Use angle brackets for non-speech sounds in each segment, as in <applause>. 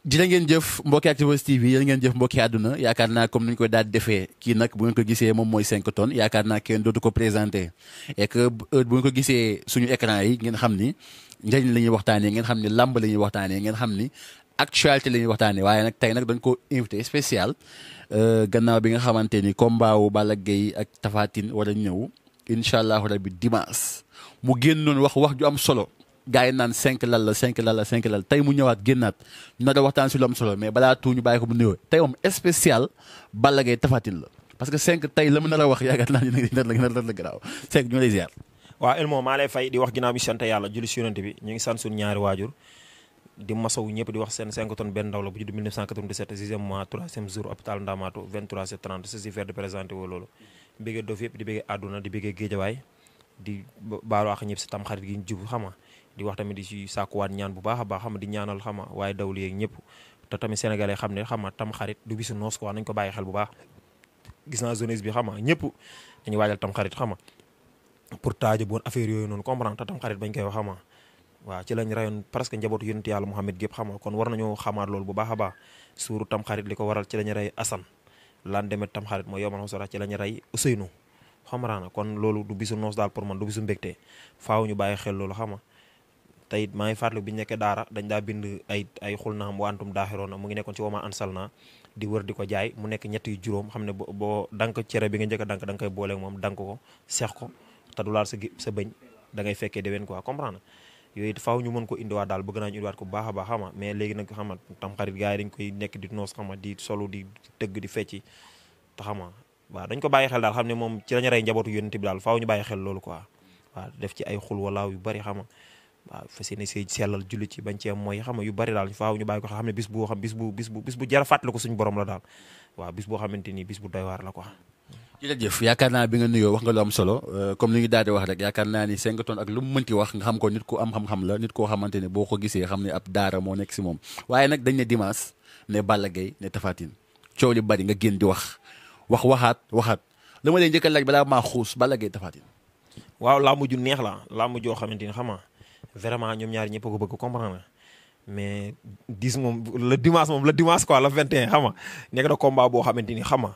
jërë ngeen jëf mbokki Actubuzz TV ngeen jëf mbokki àdduna yaakaar naa comme ni ñu koy daal defee kii nag bu ngeen ko gisee moom mooy 5 tonnes yaakaar naa kenn dootu ko présenté et que heure bu ngeen ko gisee suñu écran yi ngeen xam ni njëriñ la ñuy waxtaanee ngeen xam ni làmb la ñuy waxtaanee ngeen xam ni actualité la ñuy waxtaanee waaye nag tey nag dañ ko invité spécial euh, gannaaw bi nga xamante ni comme combat wu Balla Gaye ak Tapha Tine war a ñëw incha allahu rabi dimanche mu génnoon wax wax ju solo. gars yi naan cinq lal la cinq lal la tey mu ñëwaat génnaat ñu na waxtaan si lu am solo mais balaa tuuti ñu bàyyi ko bu nuyoo tey moom spécial Balla Gaye Tapha la parce que cinq tey la mu nar a wax yaakaar naa ne dina dina dina garaaw cinq wax ginnaaw bi sant yàlla julli si di présenté woo loolu bëggee Dof yëpp di bëggee àdduna di bëggee Géejawaay di baalu àq ñëpp si tam xarit gi ñu jub xam di wax tamit di si sàkkuwaat ñaan bu baax a baax xam di ñaanal xama waaye dawli yeeg ñëpp te tamit sénégalais xam ne xama tam xarit du bisu noos quoi nañ ko bàyyi xel bu baax gis naa jeunesse bi xama ñëpp dañu waajal tam xarit xama pour taaja boon affaire yooyu noonu comprendre te tam xarit bañ koy wax xama waaw ci lañ rayoon presque njabootu yonent yàlla Muhammad gépp xama kon war nañoo xamaat loolu bu baax a baax suuru tam xarit li ko waral ci lañ ray Assane lan demet tam xarit mooy yomal xosora ci lañ ray Ousseynou xamaraana kon loolu du bisu noos pour man du bisu ñu bàyyi xel loolu xama te it maa ngi fàttali bi ñu nekkee dañ daa bind ay ay xul na am wa antum mu ngi nekkoon ci wama ansal naa di wër di ko jaay mu nekk ñett yu juróom xam ne boo dank cere nga njëkk a da nga koy booleeg moom dank ko ko te du laal sa sa bëñ da ngay fekkee déwén quoi comprendre yooyu it faaw ñu mën ko indiwaat daal bëgg naa ñu indiwaat ko bu baax a baax xama mais léegi nag xama tamxarit gars yi dañ koy nekk di noos xama di solu di tëgg di fecci te xama waaw dañ ko bàyyi xel daal xam ne moom ci lañu rey njabootu yonent bi daal faw ñu bàyyi xel loolu ko waaw def ci ay xul walaaw yu bari xama waaw fas yéene see sellal julli ci bañ cee mooy xam yu bari daal faaw ñu bàyyi ko xam ne bis bu jara fàttali ko borom la daal waaw bis boo xamante ni bis bu doy waar la quoi. jërëjëf yaakaar nga lu am solo euh, comme ni ñu daal wax rek yaakaar naa ni 5 tonnes ak lu mu mënti wax nga xam ko nit ku am xam la nit koo xamante ne boo ko gisee xam ne ab daara moo nekk si moom waaye nag dañ ne dimanche ne Balla Gaye ne Tapha coow li bari nga génn di wax wax waxaat waxaat la ma lay njëkk a la vraiment ñoom ñaari ñëpp ko bëgg comprendre mais dix moom le dimanche moom la dimanche quoi le vingt xam nga nekk na combat boo xamante ni xam nga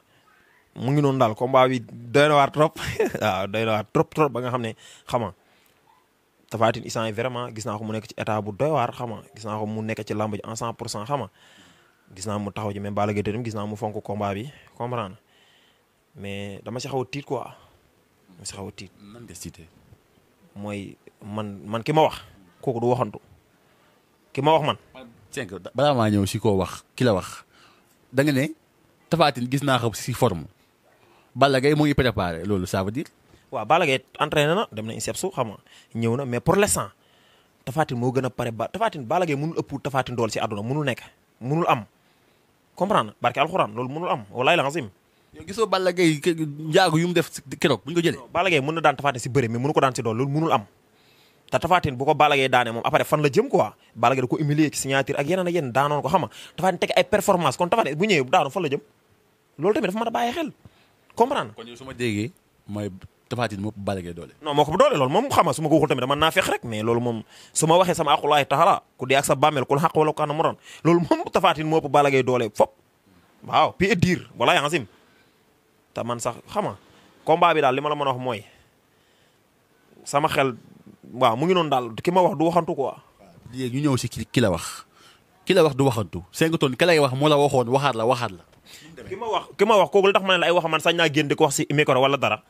mu ngi noonu daal combat bi doy na trop <laughs> waaw doy trop trop ba nga xam ne xam nga Tapha Tine yi vraiment gis naa ko mu nekk ci état bu doy waar xam nga gis naa ko mu nekk ci làmb ji en cent pour cent xama nga gis naa mu taxaw ci même Balla Gaye tamit gis naa mu fonk combat bi comprendre mais dama si xaw a tiit quoi dama si xaw a tiit. nan nga mooy man man ki ma wax kooku du waxantu ki ma wax man. cinq balaa maa ñëw si koo wax ki la wax da nga ne Tapha Tine gis naa ko si forme Balla Gaye mu ngi préparé loolu ça veut dire. waaw Balla Gaye entraîné na dem na INSEPS xam nga ñëw na mais pour l'instant Tapha Tine moo gën a pare ba Tapha Tine Balla Gaye mënul ëpp Tapha dool si àdduna mënul nekk mënul am comprendre barke alxuraan loolu mënul am walaay la yow gisoo Balla Gaye njaago yu mu def keroog bu ñu ko jëlee. na daan Tapha Tine si bëre mais mënu ko daan si doole loolu mënul am te Tapha Tine la jëm quoi Balla Gaye da ko humilier ci signature ak yeneen ak yeneen daanoon ko xama Tapha Tine a bàyyi xel ma déggee mooy Tapha Tine moo Balla Gaye doole non ma ma ko kaana moroon loolu moom Tapha Tine moo Balla Gaye doole fop waaw puis et dire wala yansim te man sax xam nga combat bi daal li ma la mën a wax mooy sama xel waaw mu ngi noonu daal ki ma wax du waxantu quoi. léegi ñu ñëw si kii la wax ki la wax du waxantu 5 tonnes ki lay wax moo la waxoon waxaat la waxaat la. ki ma wax ki ma wax kooku li tax ma ay wax man sañ naa ko wax si micro wala dara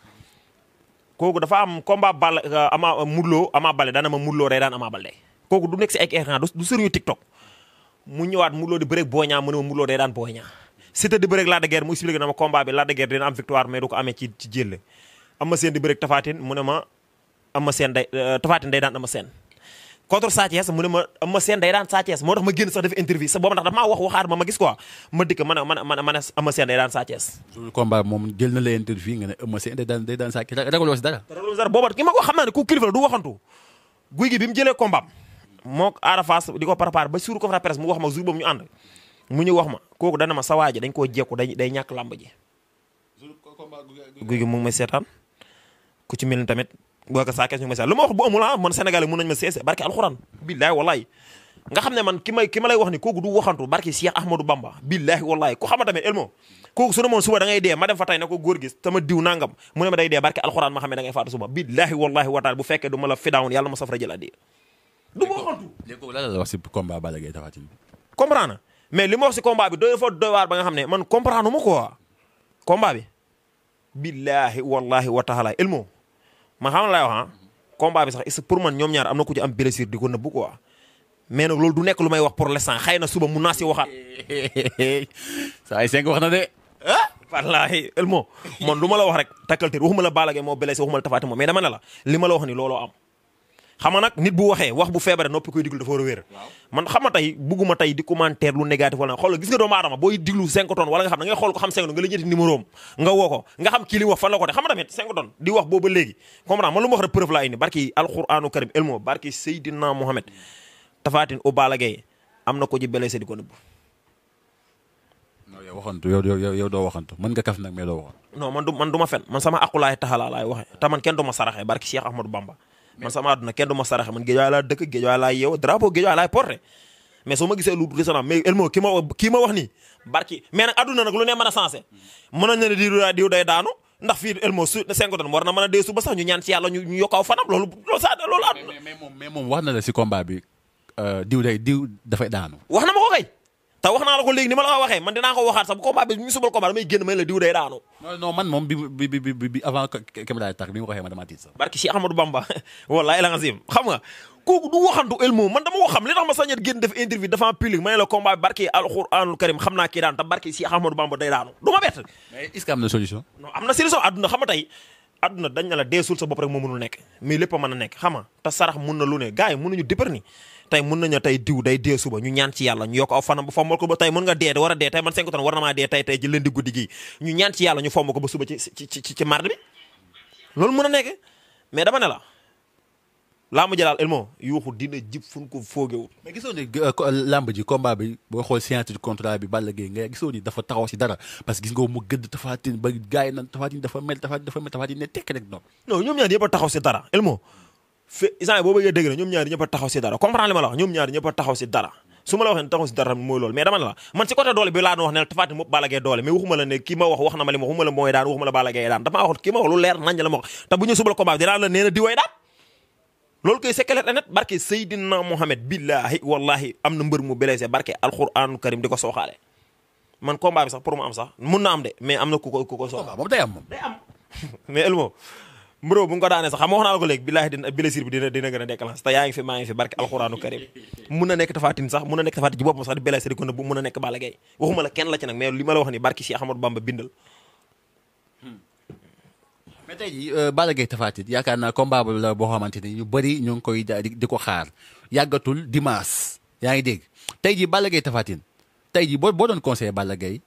kooku dafa am combat bal euh, ama mudloo ama bale daan na ma mudloo day daan ama bale kooku du nekk si ay errant du sëriñu TikTok mu ñëwaat mudloo di bëreeg booñaa mu ne ma mudloo day daan booñaa. Siteu di bëreeg Lac de Guiers mu expliqué na ma combat bi Lac de dina am victoire mais du ko amee ci ci jëlle Ama Sène di bëreeg Tapha Tine mu ne ma Ama Sène day euh, Tapha Tine day daan Ama Sène contre Sa Thiès mu ne ma Ama Sène day daan Sa Thiès moo tax ma génn sax def interview ma ma gis quoi ma ma ne ma ku kilifa la du waxantu guy gi bi mu jëlee combat mook Arafas di ko préparé ba suur conférence presse mu wax ma jour boobu ñu ànd mu ñu wax ma kooku dana ma sawaa ji dañ koo jekku day day ñàkk làmb ji. guy gi mu ngi seetaan ku ci mel ni tamit boo ma wax bu amul ah man Sénégalais mun nañ ma seese barke alxuraan billaay wallaay. nga lay wax ni kooku du waxantu barke Cheikh Ahmadou Bamba billahi wallahi ku xama tamit elmo kooku su ne moon suba da ngay dee ma dem fa tey ne ko góor gis sama diw nangam mu ne ma day dee barke alxuraan ma xam ne faatu suba billahi wallahi wa taala bu fekkee du ma la fidaawun yàlla ma safara jël addi du ma waxantu léegi mais li ma wax si combat bi doy fa doy waar ba nga xam ne man comprendre mu quoi combat bi. billahi wallahi wa taala ilmo ma xam lay wax ah. combat bi sax est pour man ñoom ñaar am na ku ci am blessure di ko nëbbu quoi. mais nag loolu du nekk lu may wax pour l'instant xëy na suba mun naa si waxaat. <laughs> saa yi cinq wax na de. ah wallaahi ilmo man lu la wax rek takkal waxuma la Balla Gaye moo blessé waxuma la Tapha Tine moom mais dama ne la li ma la wax ni looloo a xam nga nag nit bu waxee wax bu feebare noppi koy diglu dafa war a wér man xam nga tey bugguma tey di commentaire lu négatif wala xool gis nga doomu aadama booy diglu 5 tonnes wala nga xam da ngay xool ko xam 5 tonnes nga la jëti numéro am nga woo ko nga xam kii li mu wax fan la ko te xam nga tamit 5 tonnes di wax booba léegi comprendre man lu ma wax rek preuve laa indi barki alquranu karim elmo barki Seydina Mohamed tafaatin au Balla Gaye am na ko ci blessé di ko nëbb non yow waxantu yow yow yow doo waxantu mën nga kaf nag mais doo waxantu non man du man du ma fen man sama aqulaay taxalaa laay waxee te man kenn du ma saraxee barki Cheikh Ahmadou Bamba man sama àdduna kenn du ma saraxe man géej waay laa dëkk géej waay laa yeew drapeau géej waay laay porté mais soo ma gisee lu résonance mais Elmo ki ma kii wax nii barki mais nag àdduna nag lu ne mën a sensé mënoon na ne diw diw day daanu ndax fii Elmo su Senghor war na mën a dee suba sax ñu ñaan ci yàlla ñu ñu yokkaaw fanam loolu loolu sa loolu àdduna mais moom wax na la si combat euh, diw day diw dafay daanu wax na ma ko kay te wax naa la ko léegi ni ma la ko waxee man dinaa ko waxaat sax bu combat bi ñu subal combat damay génn may la diw day daanu. non man moom bi bi bi bi avant caméra yi tax bi mu waxee ma damaa tiit sax. barki si Ahmadou Bamba <laughs> wallaahi la xam nga kooku du waxantu elmo man dama ko xam li tax ma sañet génn def interview devant public ma ne la combat bi barki alxuraanul karim xam naa kii daanu te barki si Ahmadou Bamba day daanu du ma bett. mais est-ce que am na solution. non am na solution àdduna xam nga tey. àdduna dañ na la deesul sa bopp rek moo mënul nekk mais lépp a mën a nekk xam nga te sarax mun na lu ne gars yi mënuñu dëppar ni tey mën nañu tey diw day dee suba ñu ñaan ci yàlla ñu yokk aw fanam ba nga dee war a dee tey man cinq tonnes war na maa dee tey tey ji leen di guddi gii ñu ñaan ci yàlla ñu fomm ko ba suba ci ci bi loolu mën a nekk mais dama ne la làmb ji yuuxu dina jib fuñ ko foogewul. mais gisoo ni euh, euh, làmb ji combat bi boo xool signature contrat bi Balla Gaye nga gisoo ni dafa taxaw si dara parce que gis nga mu gëdd Tapha ba gars yi naan Tapha Tine dafa mel Tapha Tine a taxaw fe isaan boo bëggee dëgg ñoom ñaari ñëpp a taxaw si dara comprendre li ma la wax ñoom ñaari a taxaw si dara su ma la waxee taxaw dama ne la man si côté doole bi laa ne Tapha Tine moom Balla Gaye doole mais waxuma la ne kii ma wax wax na ma li ma waxuma la mooy la Balla Gaye daan damaa wax na di way daan loolu koy sekkalet anet barke Seydina Mohamed billahi wallahi am na mbër mu blessé barke alquranu karim di ko sooxaale man combat bi sax pour am sax mun na am de mais am na ku ko ku ko sooxaale moom <laughs> mburoo bu nga ko daanee sax xam nga wax naa a déclenché te yaa ngi fi mun na nekk tafaatin sax mun na nekk tafaatin ci boppam sax di nekk Balla Gaye waxuma kenn la nag mais li ma la wax ni barke si Ahmadou Bamba bindal mais tey jii euh, Balla Gaye Tapha Tine yaakaar naa combat la boo xamante ni ñu bëri ñu ngi koy di ko xaar yàggatul dimanche yaa ngi dégg tey jii Balla Gaye tey jii boo boo doon conseillé Balla Gaye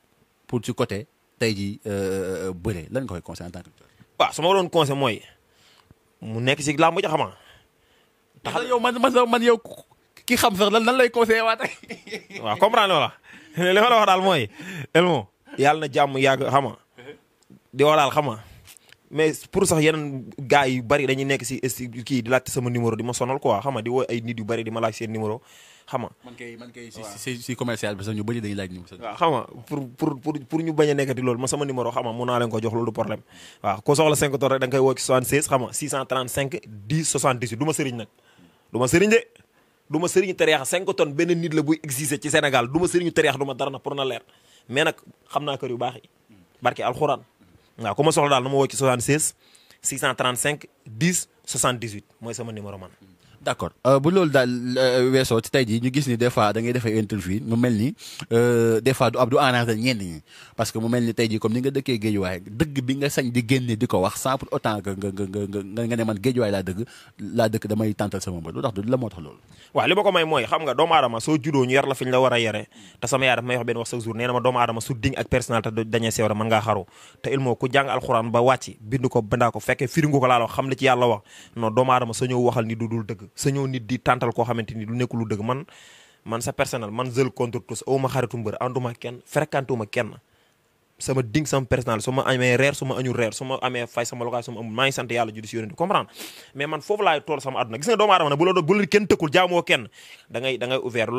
pour ci côté tey jii euh, euh, bëre lan nga koy conseillé en waaw su ma doon conseil mooy mu nekk si làmb ja xama tax yow man man man yow kii xam sax lan lan lay conseillé waat <laughs> waaw comprendre wala li ma la wax daal mooy Elmo yàlla na jàmm yàgg xama di wax daal xama mais pour sax yeneen gars yu bari dañuy nekk si kii di laajte sama numéro di ma sonal quoi xama di woo ay nit yu bari di ma laaj seen numéro xam nga. man kay man kay si si si commercial bi sax ñu bëri dañuy laaj ñu. ma sama numéro xam nga mun naa leen ko jox loolu du problème waaw ko soxla 5 tonnes rek da nga koy woo ci 76 xam nga 635 ma sëriñ nag du ma sëriñ de. du ma sëriñu tereex 5 tonnes benn nit la buy exiger ci Sénégal du ma sëriñu tereex du dara na pour na leer mais nag xam naa kër yu baax barke alxuraan waaw ku ma soxla daal na ma woo ci 76 635 10 78 mooy sama numéro man. d' accord euh, bu loolu daal euh, weesoo ci tey jii ñu gis ni des fois da ngay defee mu mel ni euh, des du ab du arrangé ñi parce que mu mel ni tey jii comme ni nga dëkkee géejuwaay dëgg bi nga sañ di génne di ko wax sans autant nga nga man géejuwaay laa dëkk damay tàntal sama mbër lu tax du la moo tax loolu waaw li ma ko may mooy xam nga doomu aadama soo judoo ñu yar la fi la war a yare te sama yaay daf may wax benn wax chaque jour nee sañoo nit di tàntal koo xamante ni lu nekk lu dëgg man man sa personnel man zël contre tous aw ma xaritu mbër ànduma kenn fréquenté wu kenn sama ding sama personnel su ma amee reer su su ma amee fay sama location su ma maa ngi sant yàlla judi si yónente comprendre mais man foofu laay tool sama àdduna gis nga doomu aadama nag bu la doon bu la kenn tëkkul jaamoo kenn da ngay da ngay ouvert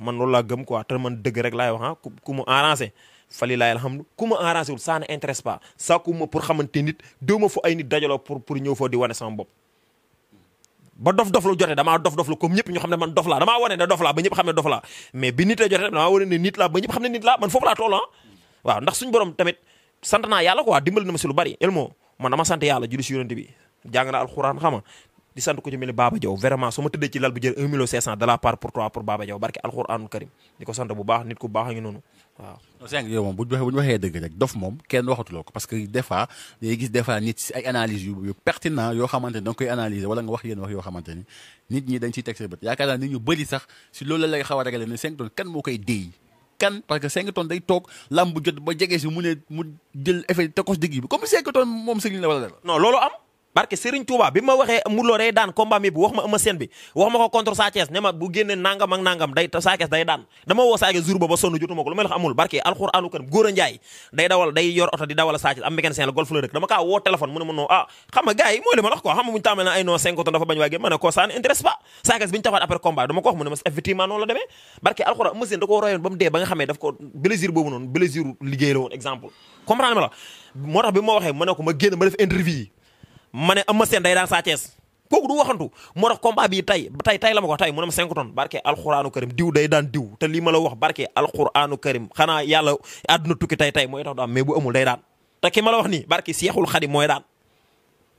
man loolu laa gëm quoi te man dëgg rek laay wax ah ku mu arrangé fali laay alhamdu ku ma arrangé wul ça ne intéresse pas sàkku xamante nit déw ma fu ay pour pour ñëw foo di wane sama bopp ba dof-dof lu jotee dof-dof lu comme ñëpp ñu xam ne man dof laa damaa wane ne dof laa ba ñëpp xam ne dof laa mais bi nitee jotee damaa wane ne nit laa ba ñëpp xam ne nit laa man foofu laa toll ah waaw ndax suñu borom tamit sant naa yàlla quoi dimbali ma si lu bari Elmo man dama sant yàlla julli si yonent bi jàng naa alxuraan xama di sant ko ci mel ni Baba Diaw vraiment ma tëddee ci lal bu jël 1 million 500 de la part pour toi pour Baba Diaw barke alxuraanul karim di ko sant bu baax nit ku baax a waxee dëgg dof moom kenn waxatuloo ko parce que des fois gis des nit ay analyse yu yu pertinent yoo xamante ni koy analyser wala nga wax yéen wax yoo xamante nit ñi dañ ciy teg seen bët yaakaar naa nit ñu bëri sax si loolu la lay xaw a régler ne 5 tonnes kan kan barke Serigne Touba bi ma waxee Modou Lo day daan combat mi bu wax ma Eumeu bi wax ma ko ne ma bu génnee nangam ak nangam day Sa day daan dama woo Sa Thiès jour ba ba sonn jotuma lu may wax a njaay day dawal day yor mu ne bi ma dee ba nga xamee daf ko plaisir boobu noonu plaisir liggéey la woon exemple comprendre ma la moo tax bi ma waxee ma ne ma génn ma def interview ma ne Eumeu Sène day daan Sa Thiès kooku du waxantu moo tax combat bii tey tey tey la ma ko wax tey mu ne ma 5 tonnes barke alxuraanu karim diw day daan diw te lii ma la wax barke alxuraanu karim xanaa yàlla àdduna tukki tey tey mooy tax du am mais bu amul day daan te ki ma la wax nii barke Seexul Xadim mooy daan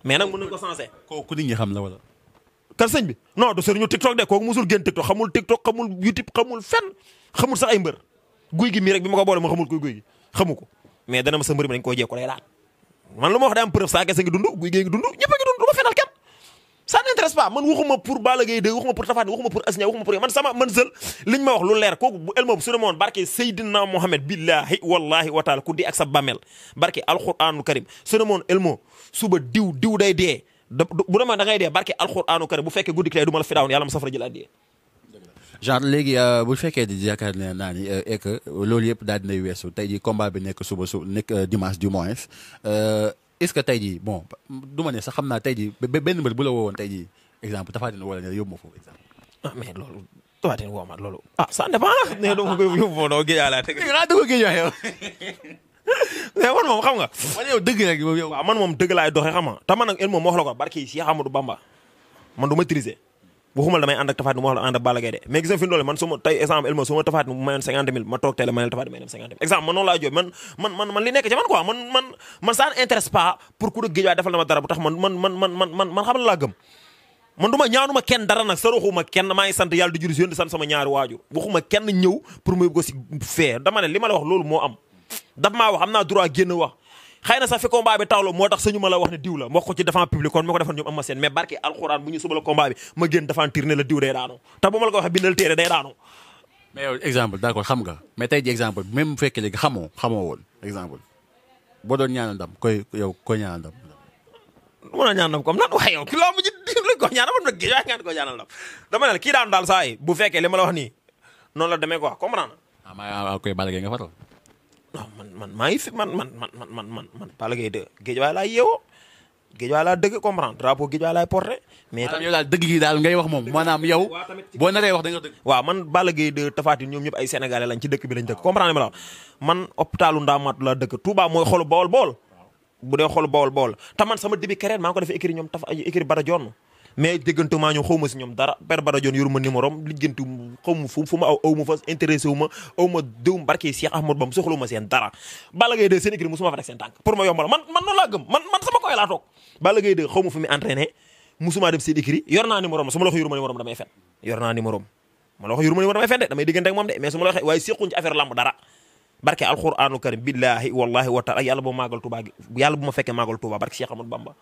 mais nag mën nañu ko sensé. kooku nit ñi xam la wala. kan sëñ bi non du sëriñu TikTok de kooku musul génn TikTok xamul TikTok xamul YouTube xamul fenn xamul sax ay mbër guy gi mii rek bi ma ko boole xamu ko mais dana ma sa mbër koo jéego day man lu ma wax day am preuve saa kese ngi dund guy gee ngi dund ñëpp a ngi dund du ma fenal kenn ça n'intéresse pas man waxuma pour Balla Gaye 2 waxuma pour Tapha Tine waxuma pour Asnia waxuma pour man sama man seul liñ ma wax lu leer kooku bu elma bu su demoon barke Seydina Mohamed billahi wallahi wa taala ku di ak sa bàmmeel barke alquranul karim su demoon suba diw diw day dee bu demoon da ngay dee barke alquranul karim bu fekkee guddi tey du ma la fi genre léegi euh, bu fekkee di yaakaar ne naa ni euh, et que loolu yëpp daal dinay weesu tey ji combat bi nekk suba su nekk euh, dimanche du moins est-ce que tey ji bon du ma ne sax xam naa tey ji benn mbër bu la woowoon tey ji exemple Tapha Tine wala ne yóbbu ma foofu exemple ah mais loolu Tapha Tine woo loolu ah ça ne doo ma ko yóbbu ma noo mais man moom xam nga man yow dëgg rek yow waaw ah, man moom dëgg laay doxee xam nga te man nag en moom wax Bamba man du maîtriser waxuma la damay ànd ak Tapha Tine mu wax la ànd ak Balla Gaye de mais gis nga fi doole man su ma tey exemple elma su ma Tapha Tine mu ma toog tey may dem cinquante mille exemple man pour ku de géej waay defal na ma dara bu tax man man man man man man man xam man du ma ñaanuma kenn dara nag ma kenn maa ngi sant yàlla di jur si di sant sama ñaari waajur waxuma kenn ñëw pour muy ko si fee dama ne li ma la wax loolu moo am daf maa wax am naa droit génn wax xëy na sax fi combat bi taw moo tax suñu ma la wax ne diw la wax ko ci devant public kon ma ko defoon ñoom am ma seen mais barke alxuraan bu ñu suba la combat bi ma génn devant tir ne la diw day daanu te bu ma la xam nga mais tey ji exemple même bu fekkee léegi boo doon ñaanal ndam koy yow koy ñaanal ndam mën a ñaan ndam comme nan waaye yow ki loo mu ji lañ ko ñaanal man dama kii daanu daal saa bu fekkee li ma la wax nii noonu la demee quoi comprendre na. ah maa koy Balla non man man maa ngi fi man man man man man man Balla Gaye 2 géej waay laa yeewoo géej waay laa dëgg comprendre drapeau géej waay laay porté. mais tam yow daal dëgg gi daal ngay wax moom maanaam yow boo naree wax da nga dëgg. waaw man Balla Gaye 2 Tapha ñoom ñëpp ay sénégalais lañ ci dëkk bi lañ dëkk comprendre ma la man hôpitalu Ndaamaatu laa dëkk Touba mooy xolu Bawol Bawol bu dee xolu bool Bawol te man sama début carrière maa ngi ko defee écrit ñoom taf ay écrit bara joon mais déggantumaa ñoom xaw ma si ñoom dara per bara joon yoru ma numéro am lijjanti ma fu fu ma aw aw fa intéressé wu ma aw ma déw barke Cheikh Ahmadou Bamba soxla ma seen dara Balla Gaye mu entraîné musuma dem seen naa numéro am su ma la ko yoru ma numéro am damay fen yor naa numéro am ma la ko yoru ma numéro am ak moom ma Bamba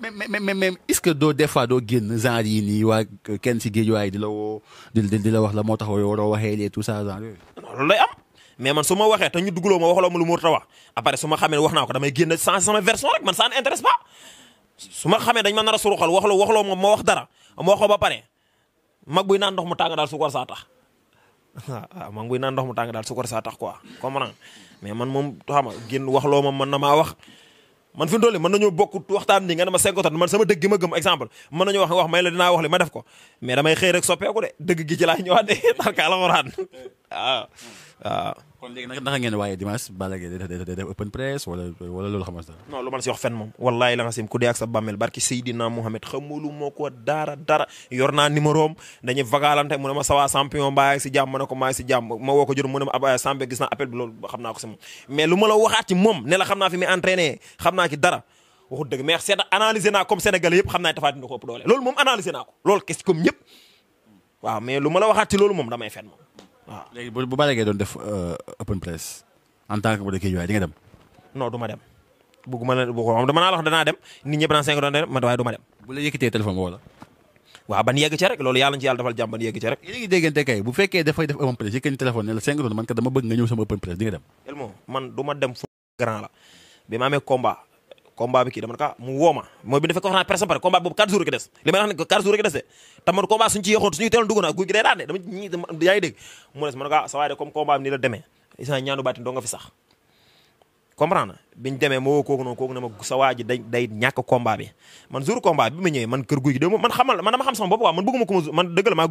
mais mais mais est-ce que doo des fois doo génn genre yii waa kenn si géej waaye di la woo di la wax la moo tax waroo waxee lee tout ça genre yooyu. loolu lay am mais man su ma waxee te ñu dugaloo ma waxaloo ma lu mu war wax après su ma xamee ne wax naa ko damay génn sans sama version rek man su ma xamee dañ ma nar a suruxal waxloo waxloo ma ma wax dara ma wax ko ba pare mag buy naan ndox mu tàng daal sukar saa tax waaw <laughs> ah, mag buy naan ndox mu tàng daal sukar saa tax quoi comprendre mais man moom xam nga génn waxloo ma mën na maa wax. man fi mu toll nii mën nañoo bokk waxtaan nii nga ne ma senkotan man sama dëgg gi ma gëm exemple mën nañoo wax nga wax may la dinaa wax li ma def ko mais damay xëy rek soppeeku de dëgg gi ci laa ñëwaat de barka <laughs> alxuraan <laughs> waaw Ah. waaw. loolu moom wallaahi ko dara dara yor naa numéro am dañuy vagalante mu ne ma sawa champion mbaa ak si jàmm ma ko maa si jàmm ma woo ko jur mu ne ma ab champion euh, gis naa appel bi loolu xam naa ko si moom. mais lu ma la waxaat ci moom ne yëpp moom analysé naa waaw mais lu ma loolu moom damay fen moom waaw ah. léegi bu bu Balla doon def euh, open press en tant que bu dee di nga dem. non ma dem bëgguma la naa la wax dem nit ñëpp naan doon dem man waaye dem. bu la yëkkatee téléphone ba wala. waaw ban yegg ca rek loolu yàlla na ci yàlla dafal jàmm ban yegg ca rek. yéen a ngi déggante kay bu fekkee dafay def open press yëkkati téléphone ne la doon man kat dama bëgg nga ñëw sama open press di nga dem. Elmo man du dem fu combat bi kii dama ne ah mu woo mooy bi ñu defee conférence presse pare combat boobu 4 jours rek des li may wax ne 4 jours rek des de te man combat suñu ci yéexoon suñu teeloon dugg naa guy gi day de dama yaa ngi des ma ne ko ah de comme combat bi nii la demee is naa ñaanu baatin doo fi sax comprendre biñ demee ma woo kooku noonu ma sa waa day day ñàkk man jour combat man dama xam sama bopp ko man dëgg ma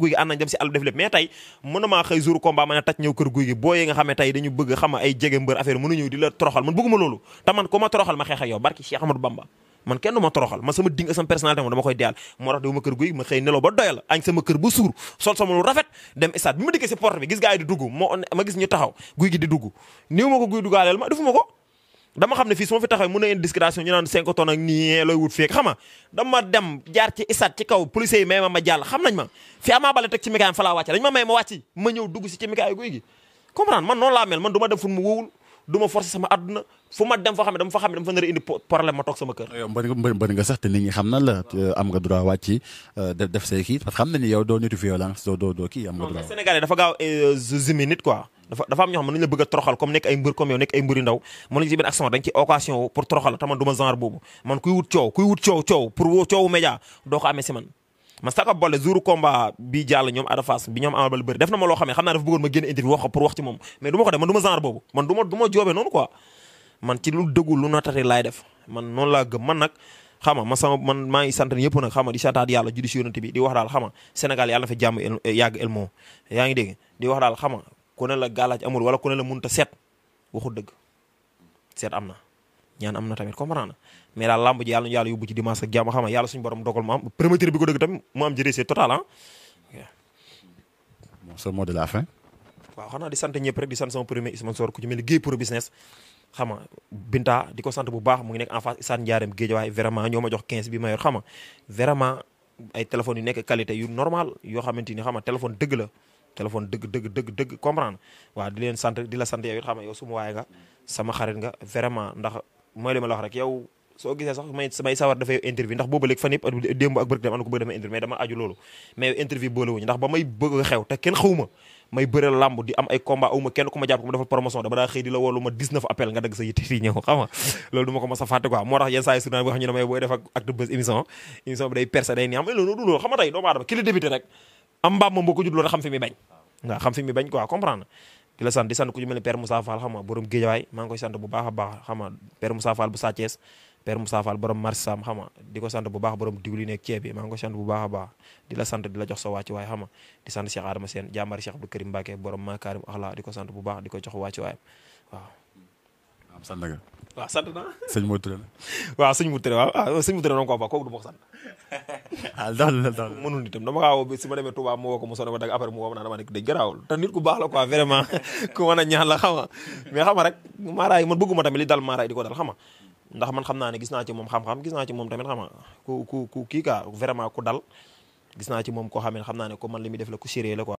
loolu te man ku ma toroxal ma xeex ak yow barki Cheikh Bamba man kenn du toroxal man sama ding ak sama personnalité moom dama koy deyal moo kër guy ma xëy nelaw ba doyal añ sama kër ba suur sol sama rafet dem stade bi ma dikkee si porte bi gis gars yi di dugg ma gis ñu taxaw guy di dugg néew ma ko guy dugaaleel ma ma dama xam ne fii su ma fi taxawee mun na indi discrétion ñu naan 5 tonnes ak nii looy wut feek xam nga dama dem jaar ci isat ci kaw policier yi may ma ma jàll xam nañ ma fi Ama Baldé teg ci mikaayam fa laa wàcce ma ma dem fu mu wóowul du ma forcer sama àdduna fu xam ne dama fa xam ne dama fa nar a indi problème ma toog sama kër. yow mbëri nga sax te nit xam na la am nga droit wàcc euh, def def xam nañ ni yow doo nitu violence doo doo doo kii am nga euh, nit quoi dafa dafa am ñoo xam ne nañu la bëgg a toroxal comme nekk ay mbër comme nekk ay mbëri ndaw mën nañu si benn action dañ ci occasion pour toroxal te man du ma genre boobu man kuy ne xam naa dafa bëggoon ma ci moom man du ma laay def man noonu laa gëm man nag xama ma sama man maa ngi sant ñëpp nag xama di santaat yàlla judi si yonante bi di wax daal xama Sénégal yàlla na fa jàmm yàgg elmoo yaa ngi dégg di wax daal xama ku a la amul wala ku ne la munta seet waxu dëgg seet am na ñaan am na tamit comprendre mais daal làmb ji yàlla ñu yàlla yóbbu ci dimanche ak jàmm xam nga yàlla suñu borom dogal mu am prématuré bi ko dëgg tamit mu am jëree c'est total ah sa mot de la fin waaw xanaa di sant ñëpp rek di sant sama premier sponsor ku ci mel ni Guèye Pro Business xam Binta di ko sant bu baax mu ngi nekk en face Issa Ndiarème Guédiawaye vraiment ñoo ma jox 15 bi ma yor xam nga vraiment ay téléphones yu nekk qualité yu normal yoo xamante ni xam nga téléphone dëgg la téléphone dëgg dëgg dëgg dëgg comprendre waaw di leen sant di la sant yow it xam nga yow suma waaye nga sama xarit nga vraiment ndax mooy li ma loolu mais <laughs> loolu du ma ko mos a fàtte quoi moo rek am mbaam moom boo ko judloo da xam fi muy bañ waaw xam fi muy bañ quoi comprendre di la sant di sant ku ci mel ne père Moussa Fall xam nga borom maa ngi koy sant bu baax a baax xam nga père Moussa Fall bu Sathiès père borom marsam xam nga di ko sant bu baax borom diwli nekk ceeb bi maa bu baax a baax la sant di la jox sa wàccu waay xam nga di sant Cheikh Adama Sène jàmbaar Cheikh Abdou Karim Mbacké borom Makarim Akhla di ko sant bu baax di ko jox wàccu waay waaw am sant nga. waaw sant naa. sëñ Modou Touré la. waaw sëñ Modou Touré waaw la daal la mënul itam dama si ma demee Touba mu woo ko mu sonn ma dag après mu woo ma naa <laughs> a ñaan la xam xam naa ne gis naa ci moom xam-xam gis naa ci moom tamit xam nga ku ku ku kii quoi vraiment ku dal gis naa ci moom koo xam ne xam naa ne ko man li muy def la ku sérieux la quoi